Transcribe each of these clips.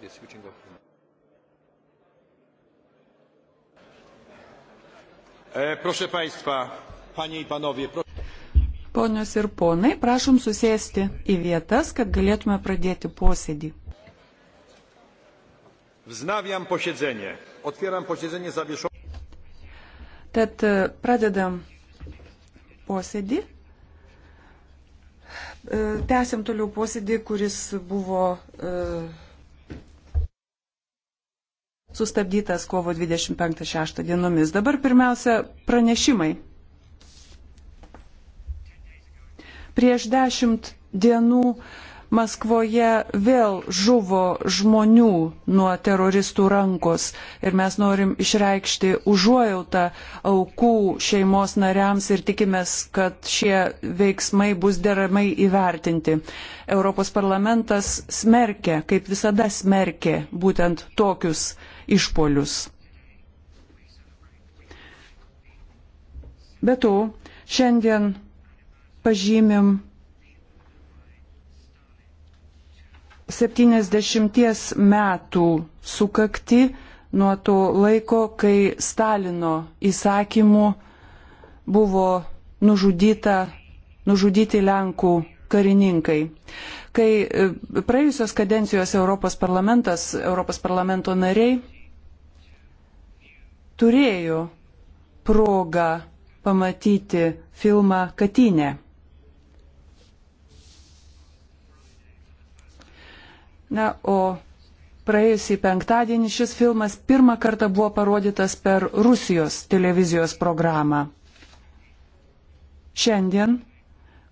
the switching of Proszę Państwa, Panie i Panowie, proszę. Ponios ir ponai, prašom susėsti į vietas, kad galėtume pradėti posėdį. Vznaviam posėdzenį. Otvieram posėdzenį zaviešo. Tad e, pradedam posėdį. E, Tęsim toliau posėdį, kuris buvo. Uh, sustabdytas kovo 25-6 dienomis. Dabar pirmiausia pranešimai. Prieš dešimt dienų uh, Maskvoje vėl žuvo žmonių nuo teroristų rankos ir mes norim išreikšti užuojautą aukų šeimos nariams ir tikimės, kad šie veiksmai bus deramai įvertinti. Europos parlamentas smerkia, kaip visada smerkia būtent tokius išpolius. Be to, šiandien pažymim 70 metų sukakti nuo to laiko, kai Stalino įsakymu buvo nužudyta, nužudyti Lenkų karininkai. Kai e, praėjusios kadencijos Europos parlamentas, Europos parlamento nariai turėjo progą pamatyti filmą Katinė. Na, o praėjusį penktadienį šis filmas pirmą kartą buvo parodytas per Rusijos televizijos programą. Šiandien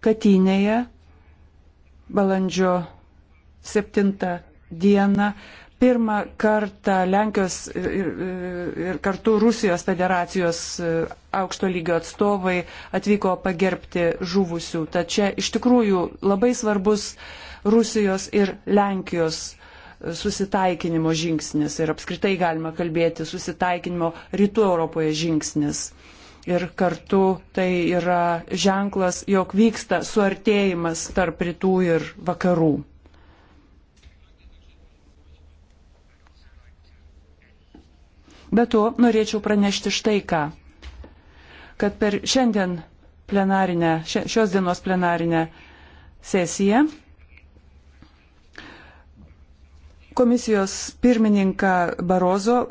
Katynėje balandžio 7 dieną pirmą kartą Lenkijos ir, ir kartu Rusijos federacijos e, aukšto lygio atstovai atvyko pagerbti žuvusių. Tad čia iš tikrųjų labai svarbus Rusijos ir Lenkijos e, susitaikinimo žingsnis ir apskritai galima kalbėti susitaikinimo rytų Europoje žingsnis. Ir kartu tai yra ženklas, jog vyksta suartėjimas tarp rytų ir vakarų. Be to, norėčiau pranešti štai ką, kad per šiandien plenarinę, šios dienos plenarinę sesiją komisijos pirmininką Barozo e,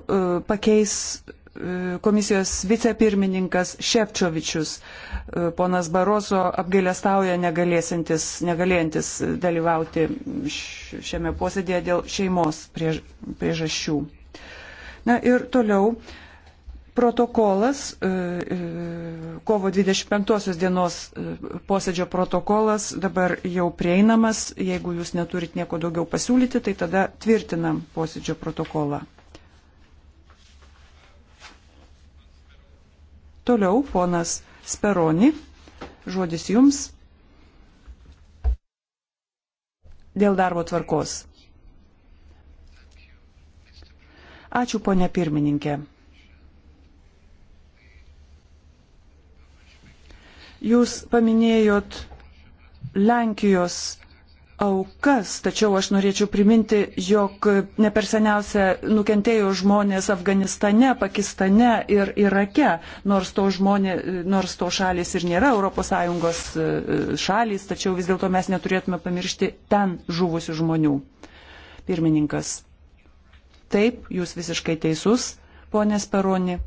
pakeis e, komisijos vicepirmininkas Šepčiovičius. E, ponas Barozo apgailestauja negalėjantis dalyvauti šiame posėdėje dėl šeimos priežasčių. Na ir toliau protokolas, e, e, kovo 25 dienos e, posėdžio protokolas dabar jau prieinamas, jeigu jūs neturit nieko daugiau pasiūlyti, tai tada tvirtinam posėdžio protokolą. Toliau ponas Speroni, žodis jums dėl darbo tvarkos. Ačiū, ponė pirmininkė. Jūs paminėjot Lenkijos aukas, tačiau aš norėčiau priminti, jog ne per seniausia nukentėjo žmonės Afganistane, Pakistane ir Irake, nors to, žmonė, nors to šalis ir nėra ES e, šalis, tačiau vis dėlto mes neturėtume pamiršti ten žuvusių žmonių. Pirmininkas. Taip, jūs visiškai teisus, ponė Speroni.